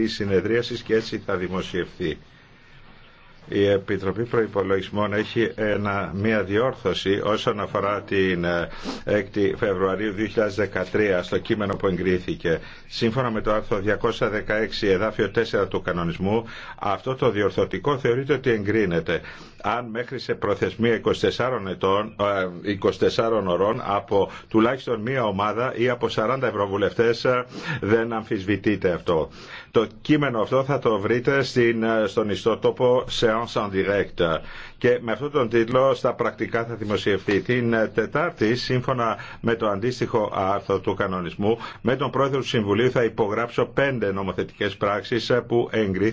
της συνεδρίασης και έτσι θα δημοσιευθεί η Επιτροπή Προϋπολογισμών έχει μια διόρθωση όσον αφορά την 6η ε, Φεβρουαρίου 2013 στο κείμενο που εγκρίθηκε. Σύμφωνα με το άρθρο 216 εδάφιο 4 του κανονισμού, αυτό το διορθωτικό θεωρείται ότι εγκρίνεται. Αν μέχρι σε προθεσμία 24, ετών, 24 ε, ωρών από τουλάχιστον μία ομάδα ή από 40 ευρωβουλευτές ε, δεν αμφισβητείται αυτό. Το κείμενο αυτό θα το βρείτε στην, στον ιστότοπο σε séance en Και με αυτόν τον τίτλο στα πρακτικά θα δημοσιευτεί την Τετάρτη, σύμφωνα με το αντίστοιχο άρθρο του κανονισμού, με τον πρόεδρο του Συμβουλίου θα υπογράψω πέντε νομοθετικές πράξεις που εγκρίθηκαν